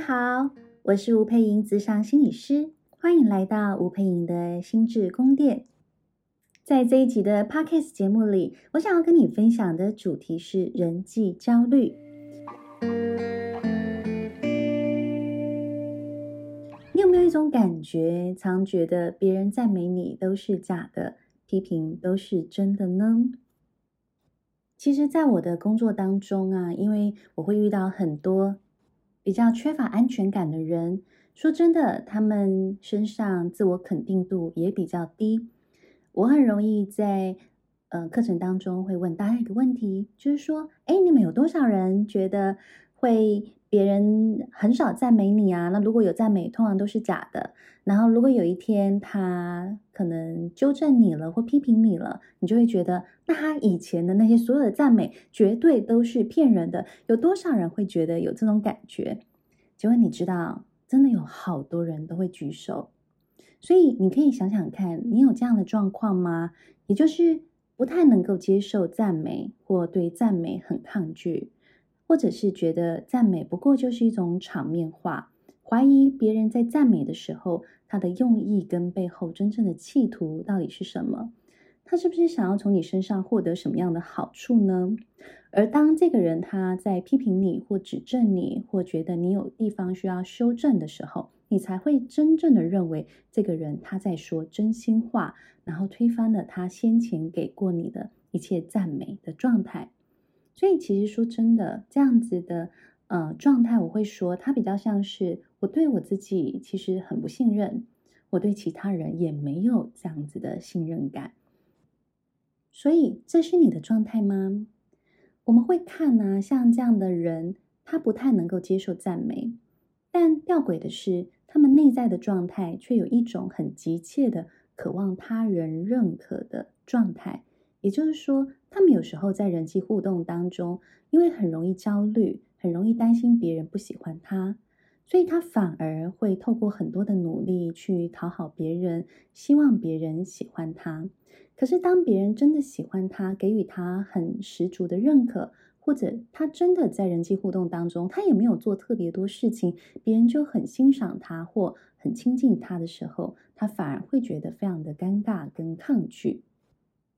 你好，我是吳姵瑩，諮商心理師，歡迎來到吳姵瑩的心智宮殿。在這一集的 Podcast 節目裡，我想要跟你分享的主題是人際焦慮。你有沒有一種感覺，常覺得別人讚美你都是假的，批評都是真的呢？其實，在我的工作當中啊，因為我會遇到很多。比較缺乏安全感的人，說真的，他們身上自我肯定度也比較低。我很容易在呃課程當中會問大家一個問題，就是說，哎，你們有多少人覺得？會別人很少讚美你啊，那如果有讚美，通常都是假的。然後如果有一天他可能糾正你了或批評你了，你就會覺得，那他以前的那些所有的讚美絕對都是騙人的。有多少人會覺得有這種感覺？結果你知道，真的有好多人都會舉手。所以你可以想想看，你有這樣的狀況嗎？也就是不太能夠接受讚美，或對讚美很抗拒。或者是覺得讚美不過就是一種場面話，懷疑別人在讚美的時候，他的用意跟背後真正的企圖到底是什麼？他是不是想要從你身上獲得什麼樣的好處呢？而當這個人他在批評你或指正你或覺得你有地方需要修正的時候，你才會真正的認為這個人他在說真心話，然後推翻了他先前給過你的一切讚美的狀態。所以，其實說真的，這樣子的，呃，狀態我會說，他比較像是我對我自己其實很不信任，我對其他人也沒有這樣子的信任感。所以，這是你的狀態嗎？我們會看呢、啊，像這樣的人，他不太能夠接受讚美，但弔詭的是，他們內在的狀態卻有一種很急切的渴望他人認可的狀態，也就是說。他們有時候在人際互動當中，因為很容易焦慮，很容易擔心別人不喜歡他，所以他反而會透過很多的努力去討好別人，希望別人喜歡他。可是當別人真的喜歡他，給予他很十足的認可，或者他真的在人際互動當中，他也沒有做特別多事情，別人就很欣賞他或很親近他的時候，他反而會覺得非常的尷尬跟抗拒。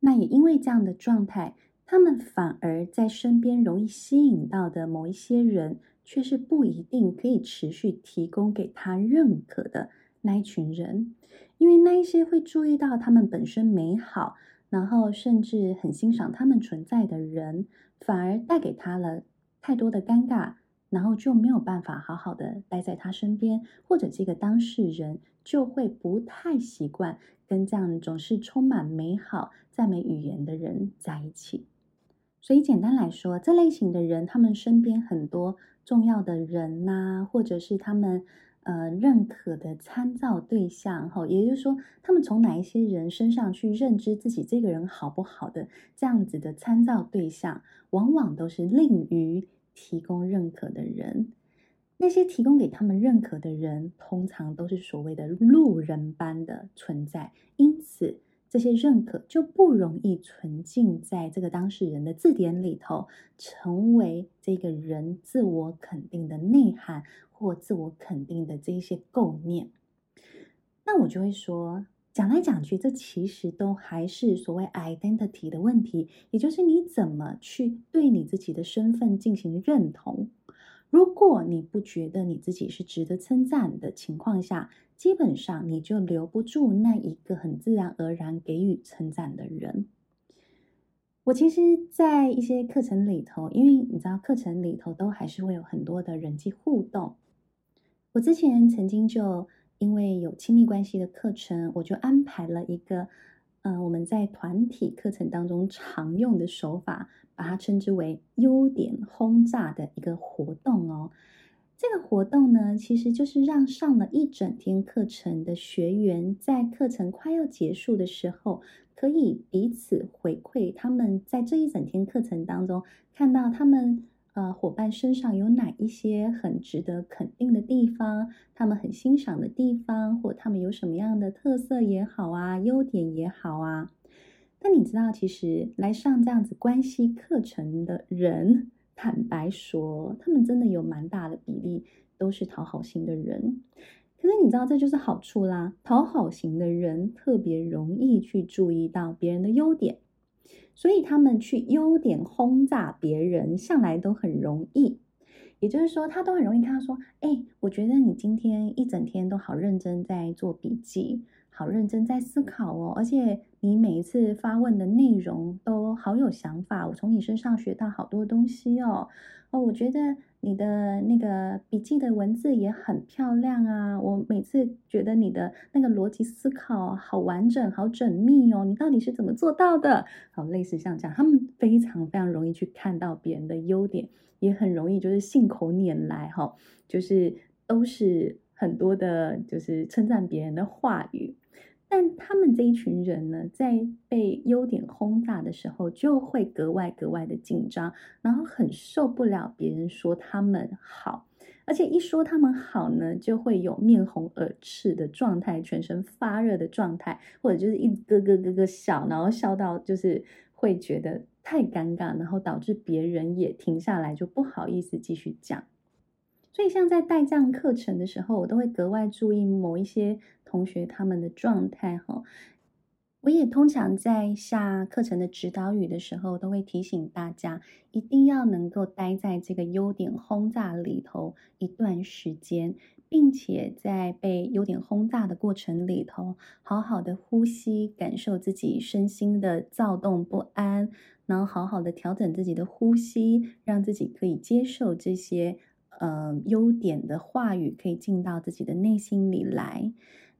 那也因為這樣的狀態，他們反而在身邊容易吸引到的某一些人，卻是不一定可以持續提供給他認可的那一群人，因為那一些會注意到他們本身美好，然後甚至很欣賞他們存在的人，反而帶給他了太多的尷尬，然後就沒有辦法好好的待在他身邊，或者這個當事人就會不太習慣跟這樣總是充滿美好讚美語言的人在一起，所以簡單來說，這類型的人，他們身邊很多重要的人吶、啊，或者是他們呃認可的參照對象。也就是說，他們從哪一些人身上去認知自己這個人好不好的這樣子的參照對象，往往都是吝於提供認可的人。那些提供給他們認可的人，通常都是所謂的路人般的存在，因此，這些認可就不容易存進在這個當事人的字典裡頭，成為這個人自我肯定的內涵或自我肯定的這一些構念。那我就會說，講來講去，這其實都還是所謂 identity 的問題，也就是你怎麼去對你自己的身份進行認同。如果你不覺得你自己是值得稱讚的情況下，基本上你就留不住那一個很自然而然給予稱讚的人。我其實，在一些課程裡頭，因為你知道，課程裡頭都還是會有很多的人際互動。我之前曾經就因為有親密關係的課程，我就安排了一個，嗯、呃，我們在團體課程當中常用的手法，把它稱之為“優點轟炸”的一個活動哦。這個活動呢，其實就是讓上了一整天課程的學員，在課程快要結束的時候，可以彼此回饋他們在這一整天課程當中看到他們呃夥伴身上有哪一些很值得肯定的地方，他們很欣賞的地方，或他們有什麼樣的特色也好啊，優點也好啊。但你知道，其實來上這樣子關係課程的人。坦白說，他們真的有蠻大的比例都是討好型的人。可是你知道，這就是好處啦。討好型的人特別容易去注意到別人的優點，所以他們去優點轟炸別人，向來都很容易。也就是說，他都很容易看到說，哎、欸，我覺得你今天一整天都好認真在做筆記。好認真在思考哦，而且你每一次發問的內容都好有想法，我從你身上學到好多東西哦。哦，我覺得你的那個筆記的文字也很漂亮啊。我每次覺得你的那個邏輯思考好完整，好縝密哦。你到底是怎麼做到的？好，哦，類似像這樣，他們非常非常容易去看到別人的優點，也很容易就是信口拈來哈，哦，就是都是很多的，就是稱讚別人的話語。但他們這一群人呢，在被優點轟炸的時候，就會格外格外的緊張，然後很受不了別人說他們好，而且一說他們好呢，就會有面紅耳赤的狀態，全身發熱的狀態，或者就是一咯咯咯咯笑，然後笑到就是會覺得太尷尬，然後導致別人也停下來，就不好意思繼續講。所以，像在帶這樣課程的時候，我都會格外注意某一些。同學他們的狀態哈、哦，我也通常在下課程的指導語的時候，都會提醒大家一定要能夠待在這個優點轟炸裡頭一段時間，並且在被優點轟炸的過程裡頭，好好的呼吸，感受自己身心的躁動不安，然後好好的調整自己的呼吸，讓自己可以接受這些呃優點的話語，可以進到自己的內心裡來。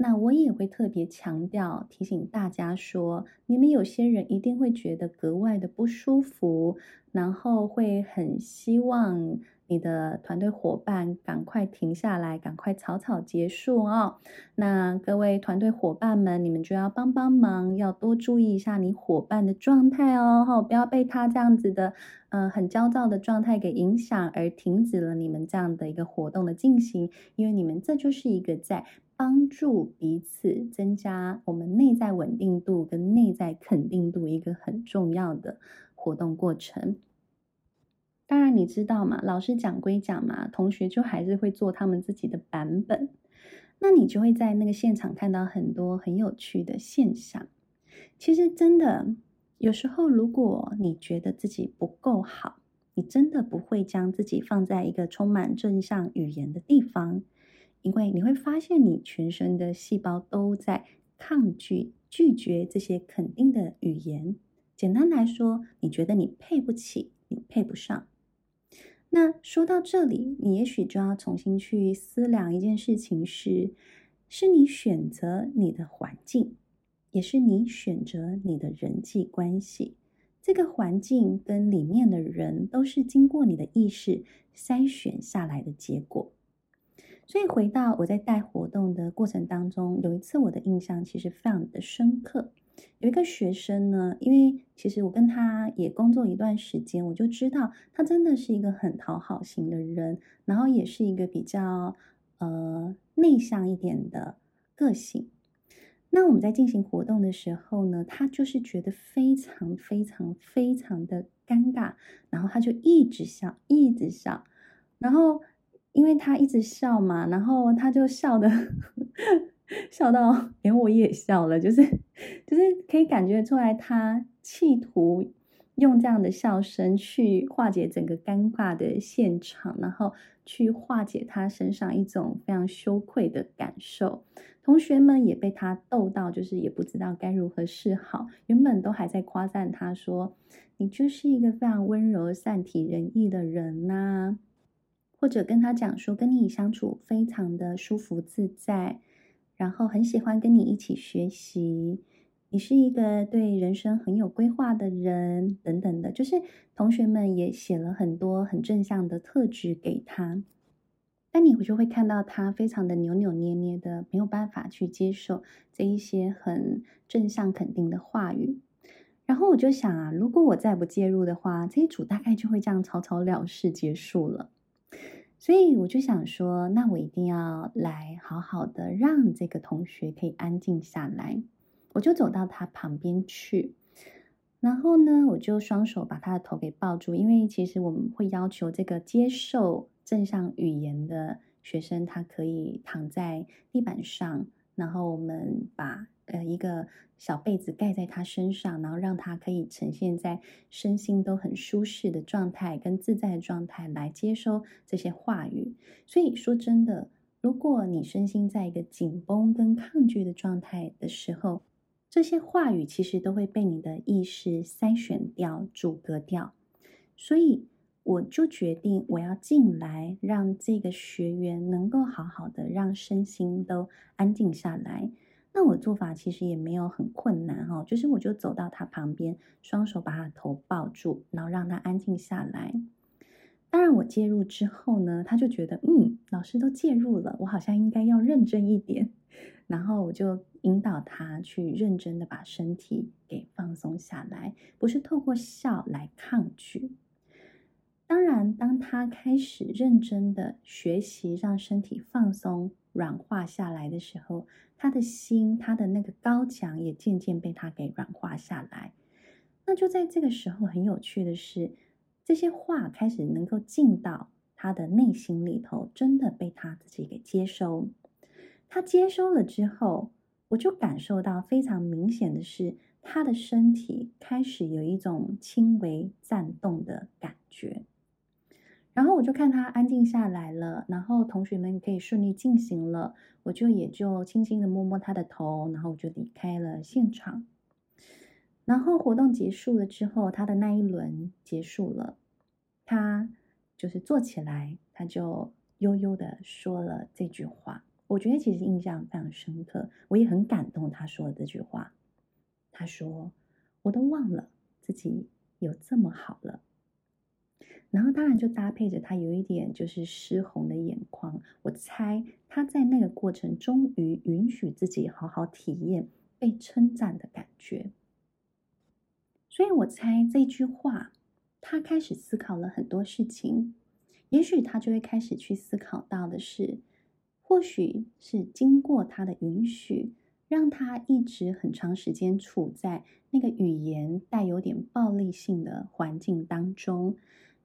那我也會特別強調提醒大家說，你們有些人一定會覺得格外的不舒服，然後會很希望你的團隊夥伴趕快停下來，趕快草草結束哦。那各位團隊夥伴們，你們就要幫幫忙，要多注意一下你夥伴的狀態哦，不要被他這樣子的，嗯，很焦躁的狀態給影響而停止了你們這樣的一個活動的進行，因為你們這就是一個在。幫助彼此增加我們內在穩定度跟內在肯定度，一個很重要的活動過程。當然，你知道嘛，老師講歸講嘛，同學就還是會做他們自己的版本。那你就會在那個現場看到很多很有趣的現象。其實真的，有時候如果你覺得自己不夠好，你真的不會將自己放在一個充滿正向語言的地方。因為你會發現，你全身的細胞都在抗拒、拒絕這些肯定的語言。簡單來說，你覺得你配不起，你配不上。那說到這裡，你也許就要重新去思量一件事情：是，是你選擇你的環境，也是你選擇你的人際關係。這個環境跟裡面的人，都是經過你的意識篩選下來的結果。所以回到我在帶活動的過程當中，有一次我的印象其實非常的深刻。有一個學生呢，因為其實我跟他也工作一段時間，我就知道他真的是一個很討好型的人，然後也是一個比較呃內向一點的個性。那我們在進行活動的時候呢，他就是覺得非常非常非常的尷尬，然後他就一直笑，一直笑，然後。因為他一直笑嘛，然後他就笑得笑到連、欸、我也笑了，就是就是可以感覺出來他企圖用這樣的笑聲去化解整個尷尬的現場，然後去化解他身上一種非常羞愧的感受。同學們也被他逗到，就是也不知道該如何是好。原本都還在誇讚他說：“你就是一個非常溫柔、善體人意的人吶、啊。”或者跟他講說，跟你相處非常的舒服自在，然後很喜歡跟你一起學習，你是一個對人生很有規劃的人，等等的，就是同學們也寫了很多很正向的特質給他。但你就會看到他非常的扭扭捏捏的，沒有辦法去接受這一些很正向肯定的話語。然後我就想啊，如果我再不介入的話，這一組大概就會這樣草草了事結束了。所以我就想說，那我一定要來好好的讓這個同學可以安靜下來。我就走到他旁邊去，然後呢，我就雙手把他的頭給抱住。因為其實我們會要求這個接受正向語言的學生，他可以躺在地板上，然後我們把。呃，一個小被子蓋在他身上，然後讓他可以呈現在身心都很舒適的狀態跟自在的狀態來接收這些話語。所以說真的，如果你身心在一個緊繃跟抗拒的狀態的時候，這些話語其實都會被你的意識篩選掉、阻隔掉。所以我就決定我要進來，讓這個學員能夠好好的讓身心都安靜下來。那我做法其實也沒有很困難哦，就是我就走到他旁邊，雙手把他頭抱住，然後讓他安靜下來。當然我介入之後呢，他就覺得嗯，老師都介入了，我好像應該要認真一點。然後我就引導他去認真的把身體給放鬆下來，不是透過笑來抗拒。當然，當他開始認真的學習讓身體放鬆。軟化下來的時候，他的心，他的那個高牆也漸漸被他給軟化下來。那就在這個時候，很有趣的是，這些話開始能夠進到他的內心裡頭，真的被他自己給接收。他接收了之後，我就感受到非常明顯的是，他的身體開始有一種輕微顫動的感覺。然後我就看他安靜下來了，然後同學們可以順利進行了，我就也就輕輕的摸摸他的頭，然後我就離開了現場。然後活動結束了之後，他的那一輪結束了，他就是坐起來，他就悠悠的說了這句話，我覺得其實印象非常深刻，我也很感動他說的這句話。他說：“我都忘了自己有這麼好了。”然後當然就搭配着他有一點就是濕紅的眼眶，我猜他在那個過程終於允許自己好好體驗被稱讚的感覺，所以我猜這句話，他開始思考了很多事情，也許他就會開始去思考到的是，或許是經過他的允許，讓他一直很長時間處在那個語言帶有點暴力性的環境當中。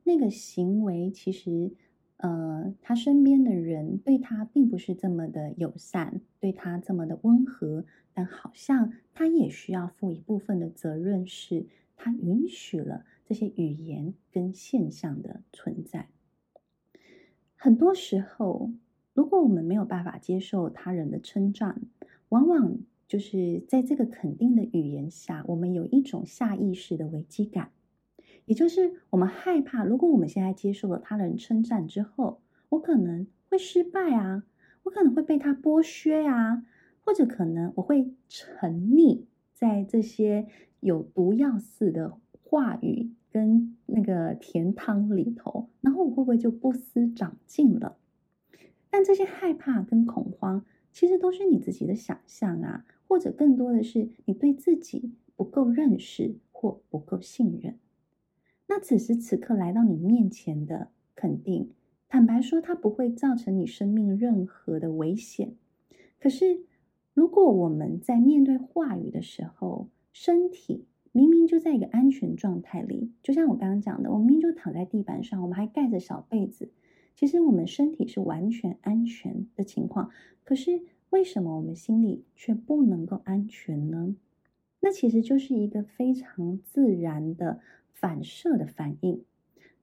那個行為其實，呃，他身邊的人對他並不是這麼的友善，對他這麼的溫和，但好像他也需要負一部分的責任，是他允許了這些語言跟現象的存在。很多時候，如果我們沒有辦法接受他人的稱讚，往往就是在這個肯定的語言下，我們有一種下意識的危機感。也就是我們害怕，如果我們現在接受了他人稱讚之後，我可能會失敗啊，我可能會被他剝削啊，或者可能我會沉溺在這些有毒藥似的話語跟那個甜湯裡頭，然後我會不會就不思長進了？但這些害怕跟恐慌，其實都是你自己的想象啊，或者更多的是你對自己不夠認識或不夠信任。那此時此刻來到你面前的肯定，坦白說，它不會造成你生命任何的危險。可是，如果我們在面對話語的時候，身體明明就在一個安全狀態裡，就像我剛剛講的，我明明就躺在地板上，我們還蓋着小被子，其實我們身體是完全安全的情況。可是，為什麼我們心裡卻不能夠安全呢？那其實就是一個非常自然的。反射的反應。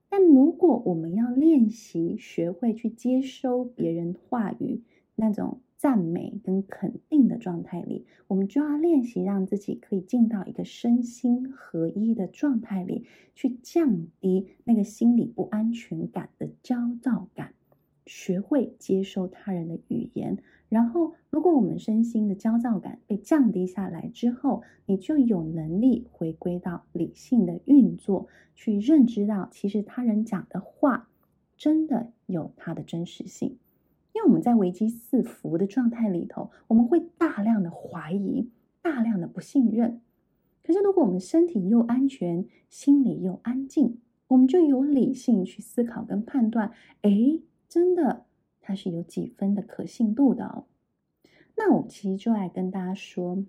但如果我們要練習，學會去接收別人話語，那種讚美跟肯定的狀態裡，我們就要練習讓自己可以進到一個身心合一的狀態裡，去降低那個心理不安全感的焦躁感，學會接收他人的語言。然後，如果我們身心的焦躁感被降低下來之後，你就有能力回歸到理性的運作，去認知到其實他人講的話，真的有它的真實性。因為我們在危機四伏的狀態裡頭，我們會大量的懷疑，大量的不信任。可是，如果我們身體又安全，心裡又安靜，我們就有理性去思考跟判斷。哎，真的。他是有幾分的可信度的哦。那我其實就來跟大家說，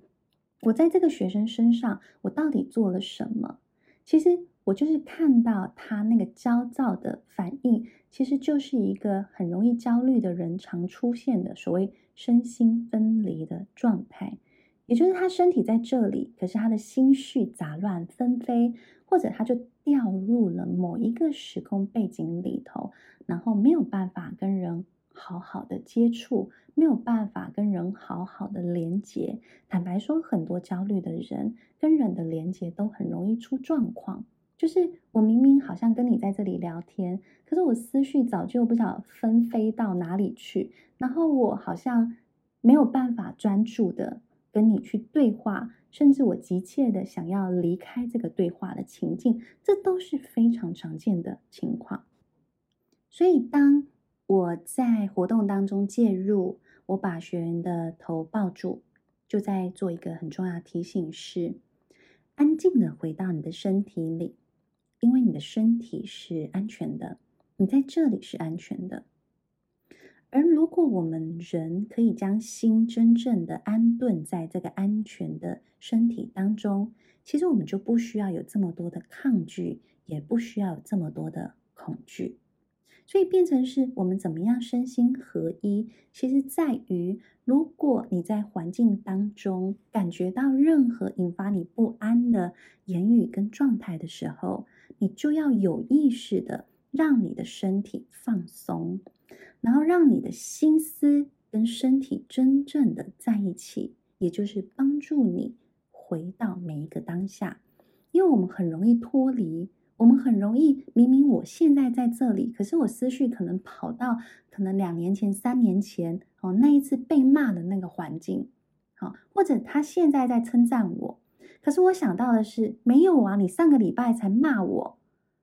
我在這個學生身上，我到底做了什麼？其實我就是看到他那個焦躁的反應，其實就是一個很容易焦慮的人常出現的所謂身心分離的狀態，也就是他身體在這裡，可是他的心緒雜亂紛飛，或者他就掉入了某一個時空背景裡頭，然後沒有辦法跟人。好好的接觸，沒有辦法跟人好好的連接。坦白說，很多焦慮的人跟人的連接都很容易出狀況。就是我明明好像跟你在這裡聊天，可是我思緒早就不知道紛飛到哪裡去，然後我好像沒有辦法專注的跟你去對話，甚至我急切的想要離開這個對話的情境，這都是非常常見的情況。所以當我在活動當中介入，我把學員的頭抱住，就在做一個很重要的提醒是：是安靜的回到你的身體裡，因為你的身體是安全的，你在這裡是安全的。而如果我們人可以將心真正的安頓在這個安全的身體當中，其實我們就不需要有這麼多的抗拒，也不需要有這麼多的恐懼。所以變成是我們怎麼樣身心合一，其實在於，如果你在環境當中感覺到任何引發你不安的言語跟狀態的時候，你就要有意識的讓你的身體放鬆，然後讓你的心思跟身體真正的在一起，也就是幫助你回到每一個當下。因為我們很容易脫離。我們很容易，明明我現在在這裡，可是我思緒可能跑到可能兩年前、三年前哦，那一次被罵的那個環境，好、哦，或者他現在在稱讚我，可是我想到的是沒有啊，你上個禮拜才罵我，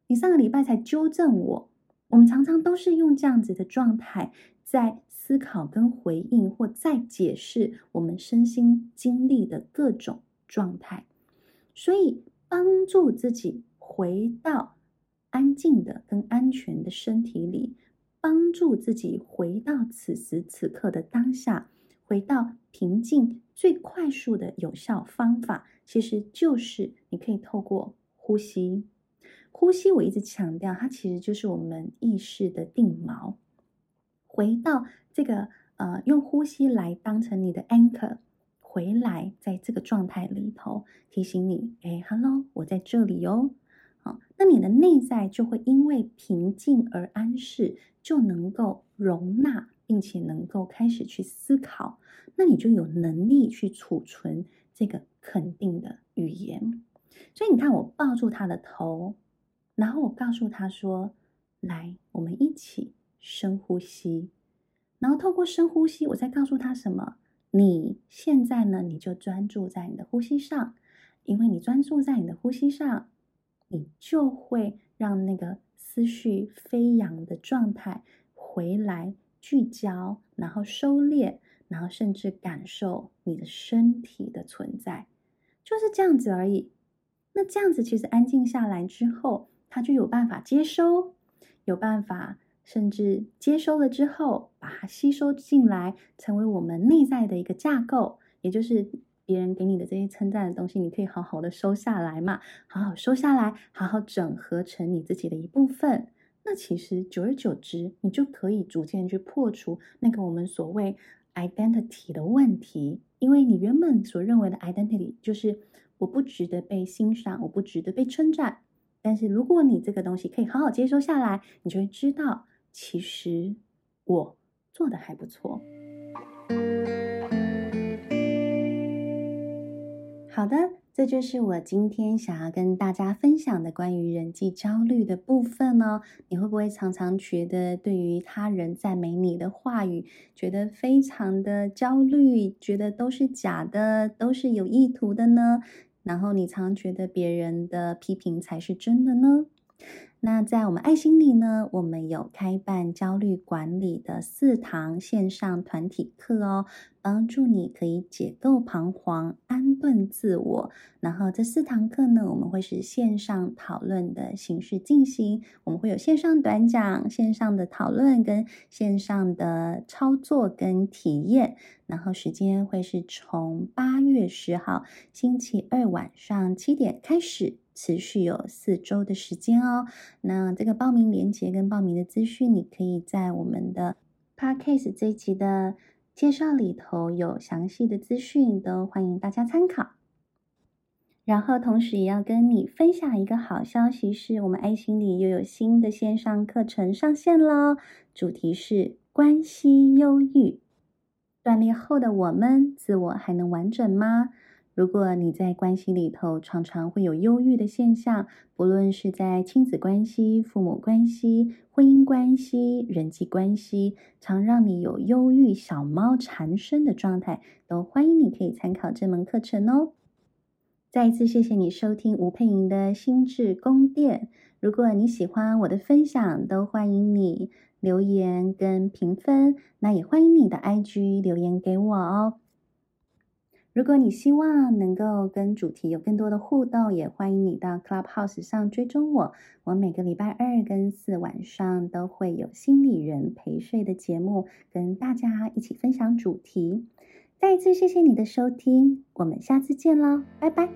你上個禮拜才糾正我。我們常常都是用這樣子的狀態在思考跟回應，或在解釋我們身心經歷的各種狀態，所以幫助自己。回到安靜的、跟安全的身體裡，幫助自己回到此時此刻的當下，回到平靜。最快速的有效方法，其實就是你可以透過呼吸。呼吸，我一直強調，它其實就是我們意識的定錨。回到這個，呃，用呼吸來當成你的 anchor，回來，在這個狀態裡頭，提醒你：哎，哈嘍，hello, 我在這裡喲、哦。那你的內在就會因為平靜而安適，就能夠容納，並且能夠開始去思考。那你就有能力去儲存這個肯定的語言。所以你看，我抱住他的頭，然後我告訴他說：“來，我們一起深呼吸。”然後透過深呼吸，我再告訴他什麼？你現在呢？你就專注在你的呼吸上，因為你專注在你的呼吸上，你就會讓那個思緒飛揚的狀態回來聚焦，然後收斂，然後甚至感受你的身體的存在，就是這樣子而已。那這樣子其實安靜下來之後，它就有辦法接收，有辦法甚至接收了之後，把它吸收進來，成為我們內在的一個架構，也就是。別人給你的這些稱讚的東西，你可以好好的收下來嘛，好好收下來，好好整合成你自己的一部分。那其實久而久之，你就可以逐漸去破除那個我們所謂 identity 的問題。因為你原本所認為的 identity 就是我不值得被欣賞，我不值得被稱讚。但是如果你這個東西可以好好接收下來，你就會知道，其實我做得還不錯。好的，這就是我今天想要跟大家分享的關於人際焦慮的部分哦。你會不會常常覺得對於他人讚美你的話語，覺得非常的焦慮，覺得都是假的，都是有意圖的呢？然後你常常覺得別人的批評才是真的呢？那在我們愛心理呢，我們有開辦焦慮管理的四堂線上團體課哦，幫助你可以解構彷徨，安頓自我。然後這四堂課呢，我們會是線上討論的形式進行，我們會有線上短講、線上的討論跟線上的操作跟體驗。然後時間會是從八月十號星期二晚上七點開始。持續有四周的時間哦。那這個報名鏈接跟報名的資訊，你可以在我們的 podcast 這一集的介紹裡頭有詳細的資訊，都歡迎大家參考。然後同時也要跟你分享一個好消息，是我們愛心理又有新的線上課程上線了，主題是關係憂鬱，斷裂後的我們，自我還能完整嗎？如果你在關係裡頭常常會有憂鬱的現象，不論是在親子關係、父母關係、婚姻關係、人際關係，常讓你有憂鬱小貓纏身的狀態，都歡迎你可以參考這門課程哦。再一次謝謝你收聽吳姵瑩的心智宮殿。如果你喜歡我的分享，都歡迎你留言跟評分，那也歡迎你的 IG 留言給我哦。如果你希望能夠跟主題有更多的互動，也歡迎你到 Clubhouse 上追蹤我。我每個禮拜二跟四晚上都會有心理人陪睡的節目，跟大家一起分享主題。再一次謝謝你的收聽，我們下次見嘍，拜拜。